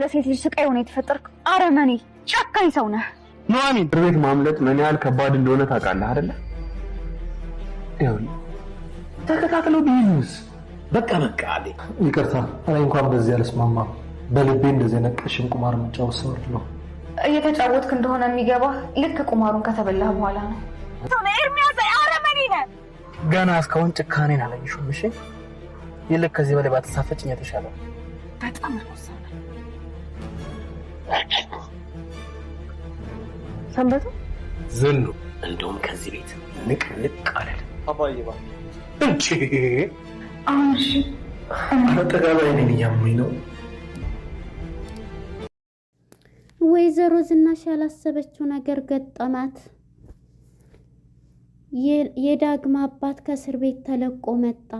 ለሴት ልጅ ስቃይ ሆነ የተፈጠርክ አረመኔ ጨካኝ ሰው ነህ ኑሐሚን። እስር ቤት ማምለጥ ምን ያህል ከባድ እንደሆነ ታውቃለህ አይደለ? ይኸውልህ ተከታትለው ቢይዙስ? በቃ በቃ አለ። ይቅርታ እኔ እንኳን በዚህ አልስማማም። በልቤ እንደዚህ ነቀሽን ቁማር መጫወት ሰው ነው እየተጫወትክ እንደሆነ የሚገባ ልክ ቁማሩን ከተበላህ በኋላ ነው። ኤርሚያስ አረመኔ ነህ። ገና እስካሁን ጭካኔን አላየሽውም። እሺ ይልቅ ከዚህ በላይ ባትሳፈጭኝ የተሻለ በጣም ነው ሰንበቱ ዝኑ እንደውም ከዚህ ቤት ንቅ ንቅ አለል አባዬ ባ እንቺ አሁን አጠቃላይ ነን እያሙኝ ነው ወይዘሮ ዝናሽ ያላሰበችው ነገር ገጠማት። የዳግም አባት ከእስር ቤት ተለቆ መጣ።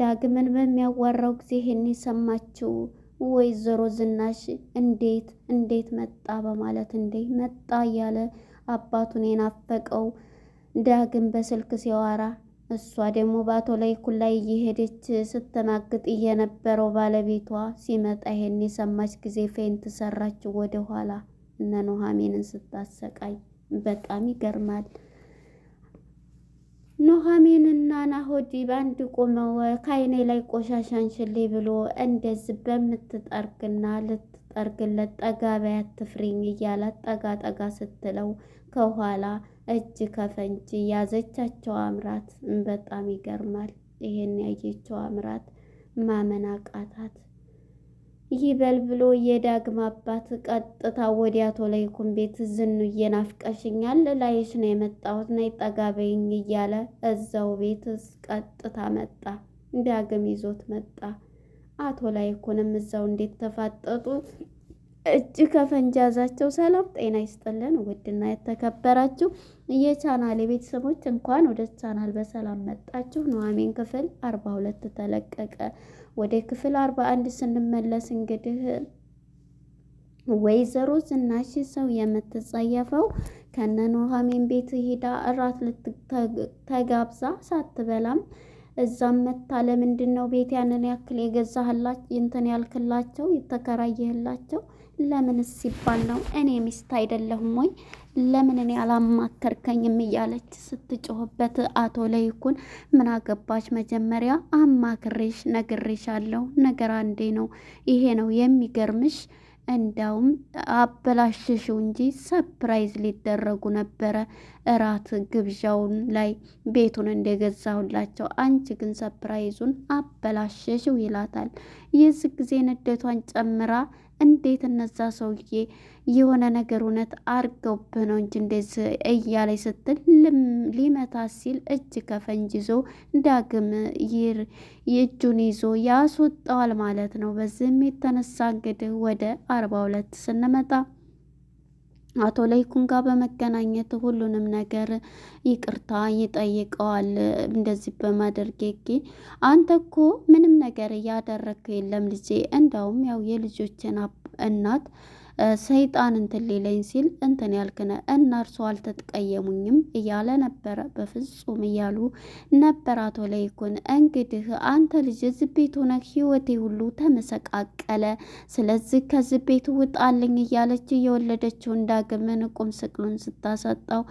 ዳግምን በሚያዋራው ጊዜ ይህን የሰማችው ወይዘሮ ዝናሽ እንዴት እንዴት መጣ በማለት እንዴት መጣ እያለ አባቱን የናፈቀው ዳግም በስልክ ሲያወራ እሷ ደግሞ በአቶ ላይኩን ላይ እየሄደች ስትማግጥ የነበረው ባለቤቷ ሲመጣ ይሄን የሰማች ጊዜ ፌንት ሰራች ወደኋላ እነ ኑሐሚንን ስታሰቃይ በጣም ይገርማል። ኖሃሜንና ናሆዲ በአንድ ቆመው ከአይኔ ላይ ቆሻሻንሽሌ ብሎ እንደዚህ በምትጠርግና ልትጠርግለት ጠጋ በይ አትፍሪኝ እያላት ጠጋ ጠጋ ስትለው ከኋላ እጅ ከፈንጅ ያዘቻቸው አምራት። በጣም ይገርማል። ይሄን ያየችው አምራት ማመን አቃታት። ይበል ብሎ የዳግም አባት ቀጥታ ወዲያ አቶ ለይኩን ቤት ዝኑ እየናፍቀሽኛል ላይሽ ነው የመጣሁት ነይ ጠጋ እያለ እዛው ቤት ቀጥታ መጣ። ዳግም ይዞት መጣ። አቶ ለይኩንም እዛው እንዴት ተፋጠጡ እጅ ከፈንጃዛቸው ሰላም ጤና ይስጥልን ውድና የተከበራችሁ የቻናል የቤተሰቦች እንኳን ወደ ቻናል በሰላም መጣችሁ። ኑሐሚን ክፍል አርባ ሁለት ተለቀቀ። ወደ ክፍል አርባ አንድ ስንመለስ እንግዲህ ወይዘሮ ዝናሽ ሰው የምትጸየፈው ከነ ኑሃሚን ቤት ሄዳ እራት ልትተጋብዛ ሳትበላም እዛም መታ ለምንድን ነው ቤት ያንን ያክል የገዛህላቸው እንትን ያልክላቸው የተከራየህላቸው ለምንስ ሲባል ነው? እኔ ሚስት አይደለሁም ወይ? ለምን እኔ አላማከርከኝም እያለች ስትጮህበት አቶ ለይኩን ምን አገባሽ መጀመሪያ አማክሬሽ ነግሬሻለሁ። ነገር አንዴ ነው ይሄ ነው የሚገርምሽ። እንዲያውም አበላሽሽው እንጂ ሰፕራይዝ ሊደረጉ ነበረ እራት ግብዣውን ላይ ቤቱን እንደገዛሁላቸው፣ አንቺ ግን ሰፕራይዙን አበላሽሽው ይላታል። የዚህ ጊዜ ንዴቷን ጨምራ እንዴት እነዛ ሰውዬ የሆነ ነገር እውነት አርገውብህ ነው እንጂ እንደዚህ እያለች ስትል ሊመታ ሲል እጅ ከፈንጅ ይዞ ዳግም ይር የእጁን ይዞ ያስወጣዋል ማለት ነው። በዚህም የተነሳ እንግዲህ ወደ አርባ ሁለት ስንመጣ አቶ ለይኩን ጋር በመገናኘት ሁሉንም ነገር ይቅርታ ይጠይቀዋል። እንደዚህ በማድረጌ አንተ እኮ ምንም ነገር እያደረግከው የለም ልጄ፣ እንዳውም ያው የልጆችን እናት ሰይጣን እንትን ሊለኝ ሲል እንትን ያልክነ እና እርሶ አልተጠቀየሙኝም እያለ ነበረ። በፍጹም እያሉ ነበር አቶ ለይኩን። እንግዲህ አንተ ልጅ እዚህ ቤት ሆነህ ህይወቴ ሁሉ ተመሰቃቀለ፣ ስለዚህ ከዚህ ቤት ውጣልኝ እያለች እየወለደችውን ዳግምን ቁም ስቅሉን ስታሰጠው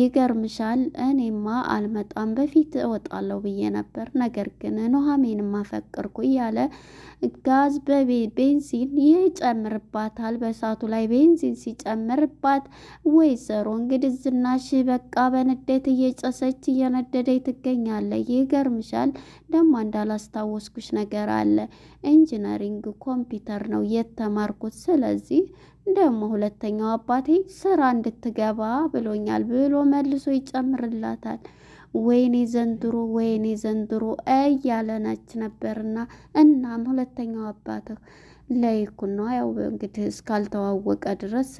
ይገርምሻል፣ እኔማ አልመጣም በፊት እወጣለሁ ብዬ ነበር፣ ነገር ግን ኑሐሚን ማፈቅርኩ እያለ ጋዝ በቤንዚን ይጨምርባታል በሳ ጭንቅላቱ ላይ ቤንዚን ሲጨምርባት ወይዘሮ እንግዲህ ዝናሽ በቃ በንዴት እየጨሰች እየነደደች ትገኛለች። ይገርምሻል ደግሞ እንዳላስታወስኩሽ ነገር አለ። ኢንጂነሪንግ ኮምፒውተር ነው የተማርኩት። ስለዚህ ደግሞ ሁለተኛው አባቴ ስራ እንድትገባ ብሎኛል ብሎ መልሶ ይጨምርላታል። ወይኔ ዘንድሮ ወይኔ ዘንድሮ እያለናች ነበርና እናም ሁለተኛው አባትህ ለይኩና ያው እንግዲህ እስካልተዋወቀ ድረስ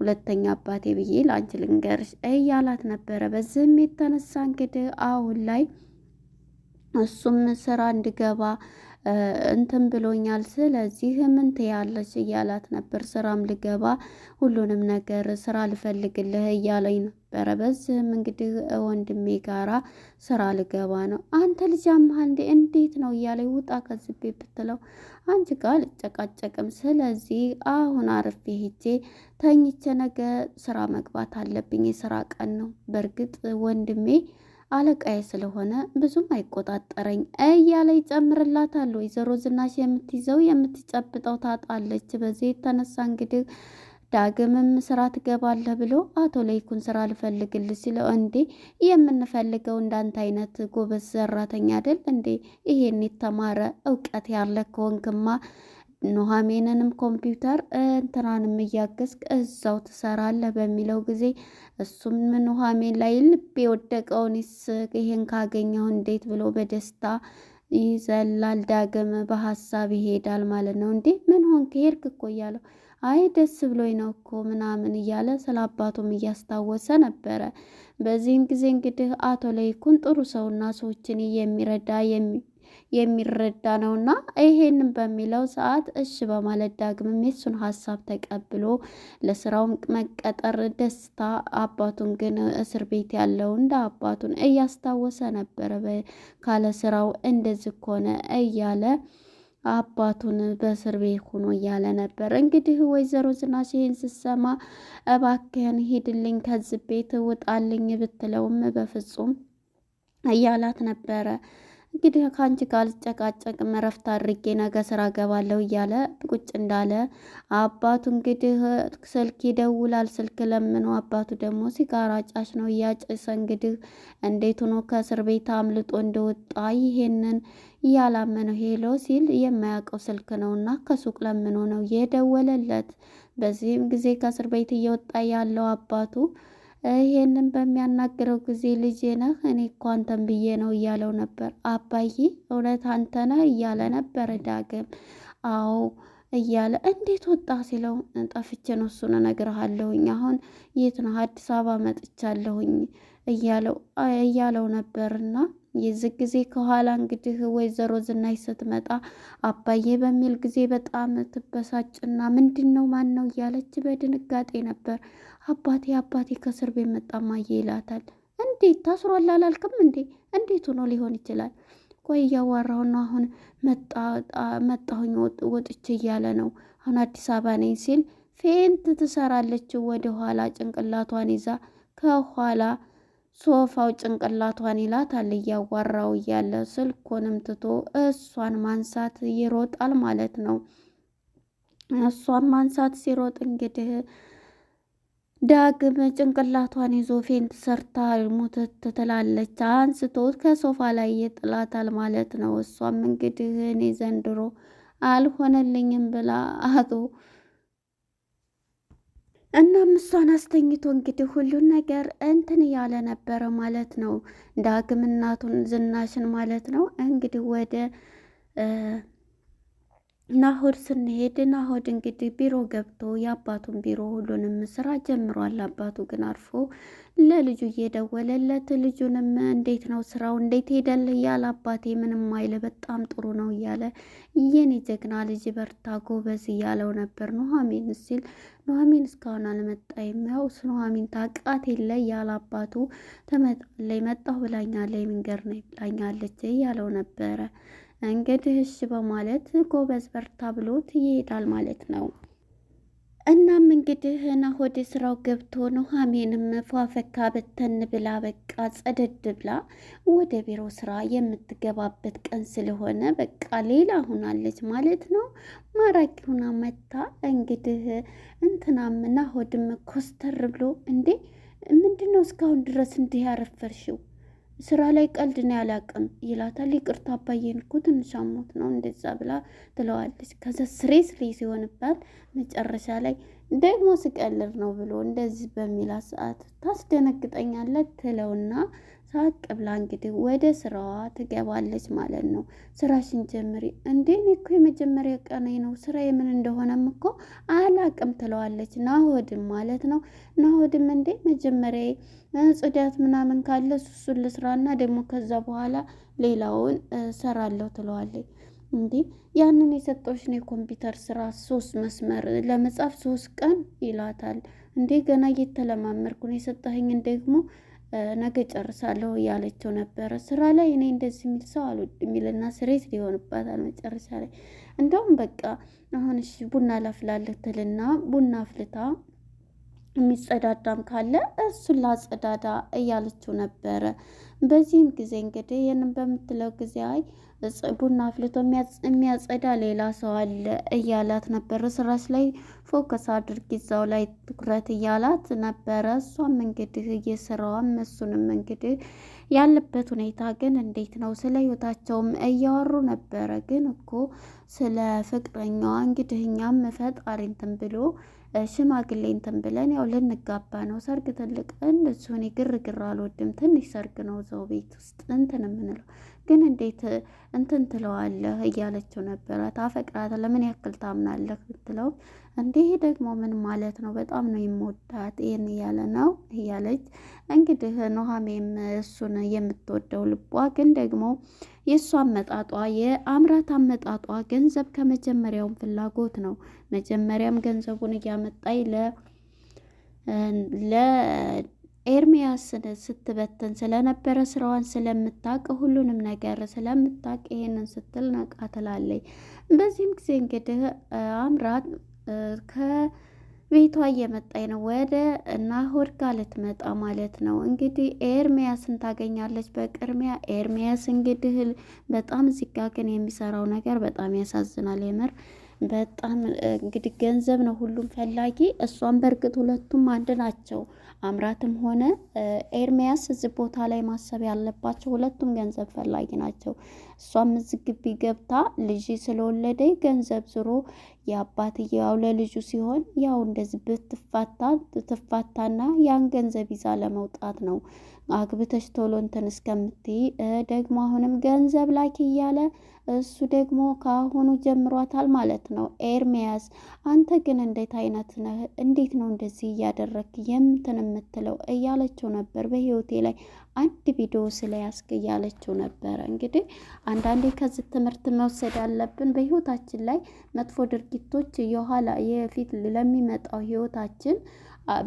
ሁለተኛ አባቴ ብዬ ለአንቺ ልንገርሽ እያላት ነበረ። በዚህም የተነሳ እንግዲህ አሁን ላይ እሱም ስራ እንድገባ። እንትን ብሎኛል፣ ስለዚህ ምን ትያለች እያላት ነበር። ስራም ልገባ ሁሉንም ነገር ስራ ልፈልግልህ እያለኝ ነበረ። በዚህም እንግዲህ ወንድሜ ጋራ ስራ ልገባ ነው። አንተ ልጅ አምሃል እንዴ? እንዴት ነው እያለኝ ውጣ ከዝቤ ብትለው አንቺ ጋር ልጨቃጨቅም፣ ስለዚህ አሁን አርፌ ሄጄ ተኝቼ ነገ ስራ መግባት አለብኝ። የስራ ቀን ነው። በእርግጥ ወንድሜ አለቃዬ ስለሆነ ብዙም አይቆጣጠረኝ እያለ ይጨምርላታል። ወይዘሮ ዝናሽ የምትይዘው የምትጨብጠው ታጣለች። በዚህ የተነሳ እንግዲህ ዳግምም ስራ ትገባለህ ብሎ አቶ ለይኩን ስራ ልፈልግልህ ሲለው እንዴ የምንፈልገው እንዳንተ አይነት ጎበዝ ሰራተኛ አይደል እንዴ? ይሄን የተማረ እውቀት ያለ ከሆንክማ ኑሐሚንንም ኮምፒውተር እንትናንም እያገዝክ እዛው ትሰራለህ በሚለው ጊዜ እሱም ኑሐሚን ላይ ልብ የወደቀውን ይሄን ካገኘሁ እንዴት ብሎ በደስታ ይዘላል። ዳግም በሀሳብ ይሄዳል ማለት ነው። እንዴ ምን ሆንክ ሄድክ እኮ እያለው አይ ደስ ብሎኝ ነው እኮ ምናምን እያለ ስለ አባቱም እያስታወሰ ነበረ። በዚህም ጊዜ እንግዲህ አቶ ለይኩን ጥሩ ሰውና ሰዎችን የሚረዳ የሚ የሚረዳ ነውና ይሄንን በሚለው ሰዓት እሺ በማለት ዳግምም የሱን ሀሳብ ተቀብሎ ለስራውም መቀጠር ደስታ፣ አባቱን ግን እስር ቤት ያለው እንደ አባቱን እያስታወሰ ነበረ። ካለ ስራው እንደዚህ ከሆነ እያለ አባቱን በእስር ቤት ሆኖ እያለ ነበር። እንግዲህ ወይዘሮ ዝናሽ ይህን ስትሰማ እባክህን ሂድልኝ፣ ከዚህ ቤት ውጣልኝ ብትለውም በፍጹም እያላት ነበረ። እንግዲህ ከአንቺ ጋር አልጨቃጨቅም አድርጌ ነገ ስራ ገባለሁ እያለ ቁጭ እንዳለ አባቱ እንግዲህ ስልክ ይደውላል። ስልክ ለምኖ አባቱ ደግሞ ሲጋራ ጫሽ ነው እያጨሰ እንግዲህ እንዴት ሆኖ ከእስር ቤት አምልጦ እንደወጣ ይሄንን እያላመነው ሄሎ ሲል የማያውቀው ስልክ ነውና ከሱቅ ለምኖ ነው የደወለለት። በዚህም ጊዜ ከእስር ቤት እየወጣ ያለው አባቱ ይሄንን በሚያናግረው ጊዜ ልጄ ነህ እኔ እኮ አንተን ብዬ ነው እያለው ነበር። አባዬ እውነት አንተ ነህ እያለ ነበር ዳግም። አዎ እያለ እንዴት ወጣ ሲለው ጠፍቼ ነው እሱን እነግርሃለሁኝ። አሁን የት ነው አዲስ አበባ መጥቻለሁኝ እያለው እያለው ነበርና የዚህ ጊዜ ከኋላ እንግዲህ ወይዘሮ ዝናሽ ስትመጣ አባዬ በሚል ጊዜ በጣም ትበሳጭና ምንድን ነው ማን ነው እያለች በድንጋጤ ነበር። አባቴ አባቴ ከእስር ቤት መጣ እማዬ ይላታል። እንዴት ታስሯል አላልክም እንዴ? እንዴት ሆኖ ሊሆን ይችላል? ቆይ እያዋራሁና አሁን መጣሁኝ ወጥቼ እያለ ነው። አሁን አዲስ አበባ ነኝ ሲል ፌንት ትሰራለች ወደኋላ ጭንቅላቷን ይዛ ከኋላ ሶፋው ጭንቅላቷን ይላታል እያዋራው እያለ ስልኩንም ትቶ እሷን ማንሳት ይሮጣል ማለት ነው። እሷን ማንሳት ሲሮጥ እንግዲህ ዳግም ጭንቅላቷን ይዞ ፌንት ሰርታ ሙትት ትላለች። አንስቶ ከሶፋ ላይ ይጥላታል ማለት ነው። እሷም እንግዲህ እኔ ዘንድሮ አልሆነልኝም ብላ አቶ እናም እሷን አስተኝቶ እንግዲህ ሁሉን ነገር እንትን እያለ ነበረ ማለት ነው። ዳግም እናቱን ዝናሽን ማለት ነው እንግዲህ ወደ ናሆድ ስንሄድ ናሆድ እንግዲህ ቢሮ ገብቶ የአባቱን ቢሮ ሁሉንም ስራ ጀምሯል። አባቱ ግን አርፎ ለልጁ እየደወለለት ልጁንም እንዴት ነው ስራው እንዴት ሄደል እያለ አባቴ ምንም አይለ በጣም ጥሩ ነው እያለ የኔ ጀግና ልጅ በርታ ጎበዝ እያለው ነበር። ኑሐሚን ሲል ኑሐሚን እስካሁን አልመጣም። ያው ኑሐሚን ታቃት የለ እያለ አባቱ ተመጣለይ መጣሁ ብላኛለ መንገድ ነው ብላኛለች እያለው ነበረ። እንግዲህ እሺ በማለት ጎበዝ በርታ ብሎት ይሄዳል ማለት ነው። እናም እንግዲህ ናሆድ ስራው ገብቶ ኑሐሚንም ፏፈካ በተን ብላ በቃ ጸደድ ብላ ወደ ቢሮ ስራ የምትገባበት ቀን ስለሆነ በቃ ሌላ ሁናለች ማለት ነው። ማራኪ ሁና መታ እንግዲህ እንትናም ናሆድም ኮስተር ብሎ እንዴ ምንድን ነው እስካሁን ድረስ እንዲህ ያረፈርሽው ስራ ላይ ቀልድ ነው ያላቅም ይላታል። ይቅርታ አባዬን እኮ ትንሽ አሞት ነው እንደዛ ብላ ትለዋለች። ከዛ ስሬ ስሬ ሲሆንባት መጨረሻ ላይ ደግሞ ስቀልር ነው ብሎ እንደዚህ በሚላ ሰዓት ታስደነግጠኛለህ ትለውና ሳቅ ብላ እንግዲህ ወደ ስራዋ ትገባለች ማለት ነው። ስራሽን ጀምሪ እንዴ! እኔ እኮ የመጀመሪያ ቀኔ ነው ስራ የምን እንደሆነም እኮ አላቅም ትለዋለች። ናሆድም ማለት ነው። ናሆድም እንዴ መጀመሪያ ጽዳት ምናምን ካለ እሱን ልስራና ደግሞ ከዛ በኋላ ሌላውን ሰራለሁ ትለዋለች። እንዴ ያንን የሰጠሽን የኮምፒውተር ስራ ሶስት መስመር ለመጻፍ ሶስት ቀን ይላታል። እንዴ ገና እየተለማመርኩ ነው የሰጠኸኝን ደግሞ ነገ ጨርሳለሁ እያለችው ነበረ። ስራ ላይ እኔ እንደዚህ የሚል ሰው አሉ የሚልና ስሬት ሊሆንባታል መጨረሻ ላይ እንደውም በቃ አሁን እሺ ቡና ላፍላለህ ትልና ቡና አፍልታ የሚጸዳዳም ካለ እሱን ላጸዳዳ እያለችው ነበረ። በዚህም ጊዜ እንግዲህ ይህንን በምትለው ጊዜ አይ ቡና አፍልቶ የሚያጸዳ ሌላ ሰው አለ እያላት ነበረ። ስራሽ ላይ ፎከስ አድርጊ፣ እዛው ላይ ትኩረት እያላት ነበረ። እሷም እንግዲህ እየስራዋም እሱንም እንግዲህ ያለበት ሁኔታ ግን እንዴት ነው? ስለ ህይወታቸውም እያወሩ ነበረ። ግን እኮ ስለ ፍቅረኛዋ እንግዲህ እኛም ፈጣሪ እንትን ብሎ ሽማግሌ እንትን ብለን ያው ልንጋባ ነው። ሰርግ ትልቅ እንደሱ እኔ ግርግር አልወድም። ትንሽ ሰርግ ነው ዘው ቤት ውስጥ እንትን የምንለው ግን እንዴት እንትን ትለዋለህ እያለችው ነበረ። ታፈቅራት ለምን ያክል ታምናለህ ብትለው እንዲህ ደግሞ ምን ማለት ነው? በጣም ነው የምወዳት ይህን እያለ ነው እያለች እንግዲህ ኑሃሜም እሱን የምትወደው ልቧ ግን ደግሞ የእሷ አመጣጧ የአምራት አመጣጧ ገንዘብ ከመጀመሪያውም ፍላጎት ነው። መጀመሪያም ገንዘቡን እያመጣይ ለ ኤርሚያስን ስትበትን ስለነበረ ስራዋን ስለምታቅ ሁሉንም ነገር ስለምታቅ ይሄንን ስትል ነቃ ትላለች። በዚህም ጊዜ እንግዲህ አምራት ከቤቷ እየመጣኝ ነው ወደ ናሆድ ጋ ልትመጣ ማለት ነው። እንግዲህ ኤርሚያስን ታገኛለች በቅድሚያ ኤርሚያስ እንግዲህ በጣም እዚጋ ግን የሚሰራው ነገር በጣም ያሳዝናል የምር በጣም እንግዲህ ገንዘብ ነው ሁሉም ፈላጊ። እሷም በእርግጥ ሁለቱም አንድ ናቸው። አምራትም ሆነ ኤርሚያስ እዚህ ቦታ ላይ ማሰብ ያለባቸው ሁለቱም ገንዘብ ፈላጊ ናቸው። እሷም እዚህ ግቢ ገብታ ልጅ ስለወለደ ገንዘብ ዝሮ የአባትዬ ያው ለልጁ ሲሆን ያው እንደዚህ ብትፋታ ትፋታና ያን ገንዘብ ይዛ ለመውጣት ነው አግብተሽ ቶሎ እንትን እስከምትይ ደግሞ አሁንም ገንዘብ ላኪ እያለ እሱ ደግሞ ከአሁኑ ጀምሯታል ማለት ነው። ኤርሚያስ አንተ ግን እንዴት አይነት ነህ? እንዴት ነው እንደዚህ እያደረግክ የምትን የምትለው እያለችው ነበር። በህይወቴ ላይ አንድ ቪዲዮ ስለ ያስክ እያለችው ነበረ። እንግዲህ አንዳንዴ ከዚህ ትምህርት መውሰድ አለብን። በህይወታችን ላይ መጥፎ ድርጊቶች የኋላ የፊት ለሚመጣው ህይወታችን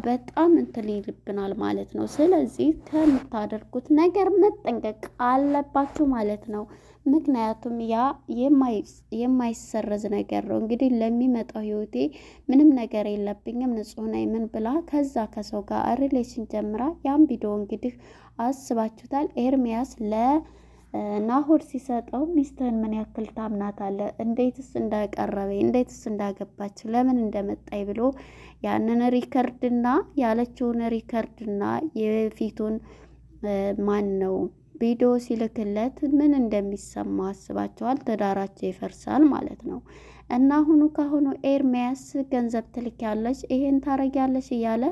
በጣም እንትን ይልብናል ማለት ነው። ስለዚህ ከምታደርጉት ነገር መጠንቀቅ አለባችሁ ማለት ነው። ምክንያቱም ያ የማይሰረዝ ነገር ነው። እንግዲህ ለሚመጣው ህይወቴ ምንም ነገር የለብኝም ንጹህ ነኝ ምን ብላ ከዛ ከሰው ጋር ሪሌሽን ጀምራ ያም ቪዲዮ እንግዲህ አስባችሁታል ኤርሚያስ ለ ናሆድ ሲሰጠው ሚስትህን ምን ያክል ታምናታለህ? እንዴትስ እንዳቀረበ እንዴትስ እንዳገባች ለምን እንደመጣይ ብሎ ያንን ሪከርድና ያለችውን ሪከርድና የፊቱን ማን ነው ቪዲዮ ሲልክለት ምን እንደሚሰማው አስባቸዋል። ትዳራቸው ይፈርሳል ማለት ነው። እና አሁኑ ካሁኑ ኤርሚያስ ገንዘብ ያለች ይሄን ታረጊያለች እያለ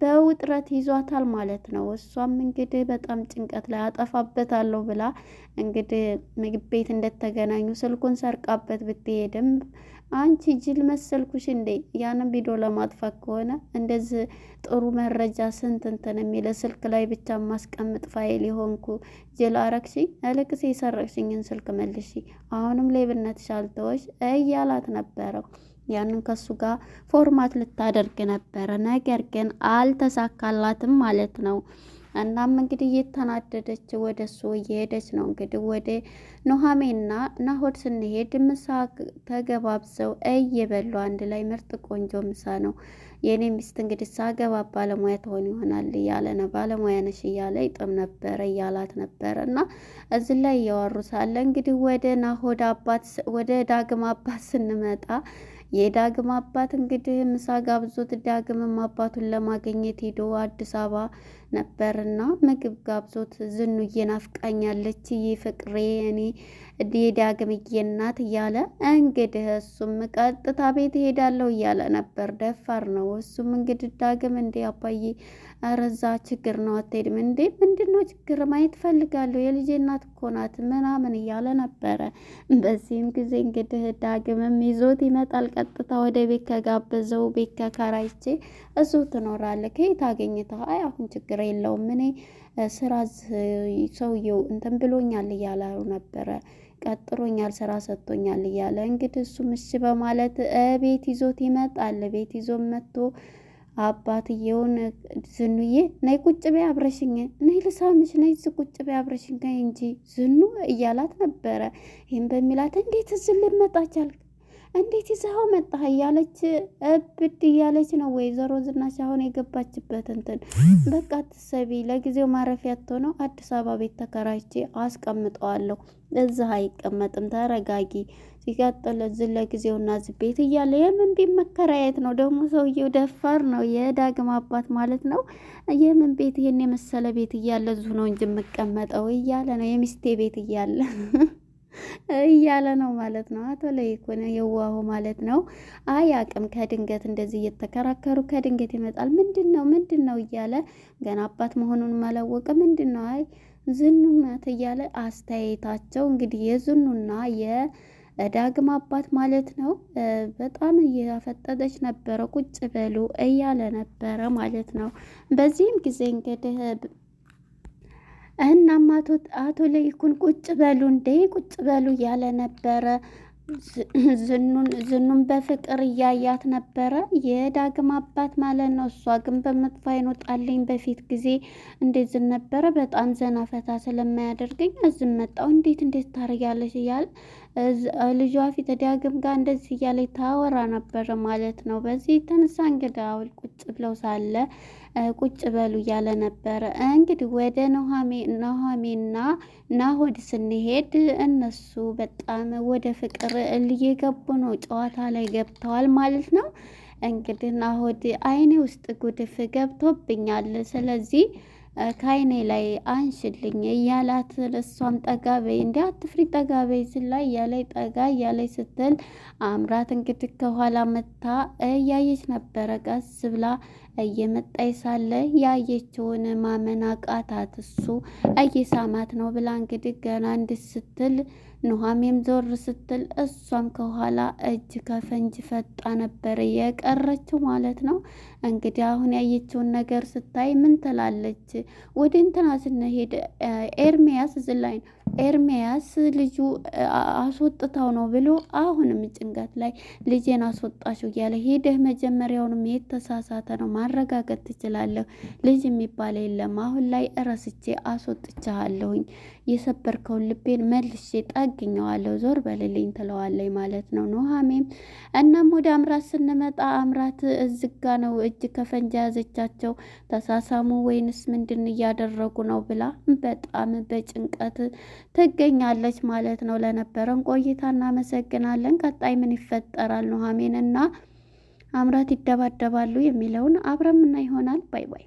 በውጥረት ይዟታል ማለት ነው። እሷም እንግዲህ በጣም ጭንቀት ላይ አጠፋበታለሁ ብላ እንግዲህ ምግብ ቤት እንደተገናኙ ስልኩን ሰርቃበት ብትሄድም አንቺ ጅል መሰልኩሽ እንዴ? ያንን ቪዲዮ ለማጥፋት ከሆነ እንደዚህ ጥሩ መረጃ ስንት እንትን የሚለ ስልክ ላይ ብቻ ማስቀምጥ ፋይል የሆንኩ ጅል አረግሽኝ፣ እልቅስ የሰረቅሽኝን ስልክ መልሽ፣ አሁንም ሌብነትሽ አልተወሽ እያላት ነበረው። ያንን ከሱ ጋር ፎርማት ልታደርግ ነበረ፣ ነገር ግን አልተሳካላትም ማለት ነው። እናም እንግዲህ እየተናደደች ወደ እሱ እየሄደች ነው። እንግዲህ ወደ ኑሃሜና ናሆድ ስንሄድ ምሳ ተገባብዘው እየበሉ አንድ ላይ ምርጥ ቆንጆ ምሳ ነው። የእኔ ሚስት እንግዲህ ሳገባ ባለሙያ ትሆን ይሆናል እያለ ነው። ባለሙያ ነሽ እያለ ይጥም ነበረ እያላት ነበረ እና እዚህ ላይ እያወሩ ሳለ እንግዲህ ወደ ናሆድ አባት ወደ ዳግም አባት ስንመጣ የዳግም አባት እንግዲህ ምሳ ጋብዞት ዳግምም አባቱን ለማግኘት ሄዶ አዲስ አበባ ነበርና ምግብ ጋብዞት ዝኑዬ ናፍቃኛለች የፍቅሬ እኔ የዳግምዬ እናት እያለ እንግዲህ እሱም ቀጥታ ቤት ሄዳለሁ እያለ ነበር። ደፋር ነው እሱም እንግዲህ ዳግም እንዴ አባዬ ኧረ እዛ ችግር ነው አትሄድም እንዴ? ምንድን ነው ችግር? ማየት እፈልጋለሁ የልጄ እናት እኮ ናት ምናምን እያለ ነበረ። በዚህም ጊዜ እንግዲህ ዳግምም ይዞት ይመጣል። ቀጥታ ወደ ቤት ከጋበዘው ቤት ከከራይቼ እሱ ትኖራለህ ከየት አገኝተህ? አይ አሁን ችግር የለውም እኔ ስራ ሰውየው እንትን ብሎኛል እያለ ነበረ ቀጥሮኛል ስራ ሰጥቶኛል እያለ እንግዲህ እሱ እሺ በማለት ቤት ይዞት ይመጣል። ቤት ይዞ መጥቶ አባትየውን ዝኑዬ ነይ ቁጭ በይ አብረሽኝ፣ ነይ ልሳምሽ፣ ነይ ዝ ቁጭ በይ አብረሽኝ እንጂ ዝኑ እያላት ነበረ። ይህም በሚላት እንዴት እዚህ ልመጣ ቻልክ? እንዴት ይዘኸው መጣህ እያለች እብድ እያለች ነው ወይዘሮ ዝናሽ አሁን የገባችበት እንትን በቃ ትሰቢ ለጊዜው ማረፊያ ትሆነው አዲስ አበባ ቤት ተከራይቼ አስቀምጠዋለሁ እዛ አይቀመጥም ተረጋጊ ሲቀጥል እዚህ ለጊዜውና እዚህ ቤት እያለ የምንቤት መከራየት ነው ደግሞ ሰውየው ደፋር ነው የዳግም አባት ማለት ነው የምን ቤት ይህን የመሰለ ቤት እያለ እዚሁ ነው እንጂ የምቀመጠው እያለ ነው የሚስቴ ቤት እያለ እያለ ነው ማለት ነው። አቶ ለይኩን የዋሆ ማለት ነው። አይ አቅም ከድንገት እንደዚህ እየተከራከሩ ከድንገት ይመጣል። ምንድን ነው ምንድን ነው እያለ ገና አባት መሆኑን ማላወቀ ምንድን ነው አይ ዝኑ ናት እያለ አስተያየታቸው እንግዲህ የዝኑና የዳግም አባት ማለት ነው። በጣም እያፈጠጠች ነበረ። ቁጭ በሉ እያለ ነበረ ማለት ነው። በዚህም ጊዜ እንግዲህ እናም አቶ ለይኩን ቁጭ በሉ እንዴ ቁጭ በሉ እያለ ነበረ። ዝኑን ዝኑን በፍቅር እያያት ነበረ። የዳግም አባት ማለት ነው። እሷ ግን በመጥፎ አይኑ ጣለኝ። በፊት ጊዜ እንዴት ዝን ነበረ፣ በጣም ዘና ፈታ ስለማያደርገኝ እዝም መጣው እንዴት እንዴት ታርያለች እያለ ልጇ ፊት ዳግም ጋር እንደዚህ እያለ ታወራ ነበረ ማለት ነው። በዚህ የተነሳ እንግዲህ አውል ቁጭ ብለው ሳለ ቁጭ በሉ እያለ ነበረ። እንግዲህ ወደ ኑሃሚንና ናሆድ ስንሄድ እነሱ በጣም ወደ ፍቅር እየገቡ ነው፣ ጨዋታ ላይ ገብተዋል ማለት ነው። እንግዲህ ናሆድ አይኔ ውስጥ ጉድፍ ገብቶብኛል፣ ስለዚህ ከአይኔ ላይ አንሽልኝ እያላት እሷም ጠጋ በይ እንዲ አትፍሪ ጠጋ በይ ስላ እያላይ ጠጋ እያላይ ስትል አምራት እንግዲህ ከኋላ መታ እያየች ነበረ ቀስ ብላ እየመጣ ሳለ ያየችውን ማመን አቃታት። እሱ እየሳማት ነው ብላ እንግዲህ ገና እንድት ስትል ኑሃሜም ዞር ስትል እሷም ከኋላ እጅ ከፈንጅ ፈጣ ነበር የቀረችው ማለት ነው። እንግዲህ አሁን ያየችውን ነገር ስታይ ምን ትላለች? ወደ እንትና ስንሄድ ኤርሚያስ ዝላይ ነው ኤርሚያስ ልጁ አስወጥታው ነው ብሎ አሁንም ጭንቀት ላይ ልጄን አስወጣሽው እያለ ሄደህ መጀመሪያውንም የተሳሳተ ነው ማረጋገጥ ትችላለህ። ልጅ የሚባል የለም። አሁን ላይ እረስቼ አስወጥቻለሁኝ የሰበርከውን ልቤን መልሼ ጠግኘዋለሁ፣ ዞር በልልኝ ትለዋለች ማለት ነው ኑሃሜም። እናም ወደ አምራት ስንመጣ አምራት እዝጋ ነው እጅ ከፈንጃ ያዘቻቸው። ተሳሳሙ ወይንስ ምንድን እያደረጉ ነው ብላ በጣም በጭንቀት ትገኛለች ማለት ነው። ለነበረን ቆይታ እናመሰግናለን። ቀጣይ ምን ይፈጠራል? ኑሃሜን እና አምራት ይደባደባሉ የሚለውን አብረምና ይሆናል። ባይ ባይ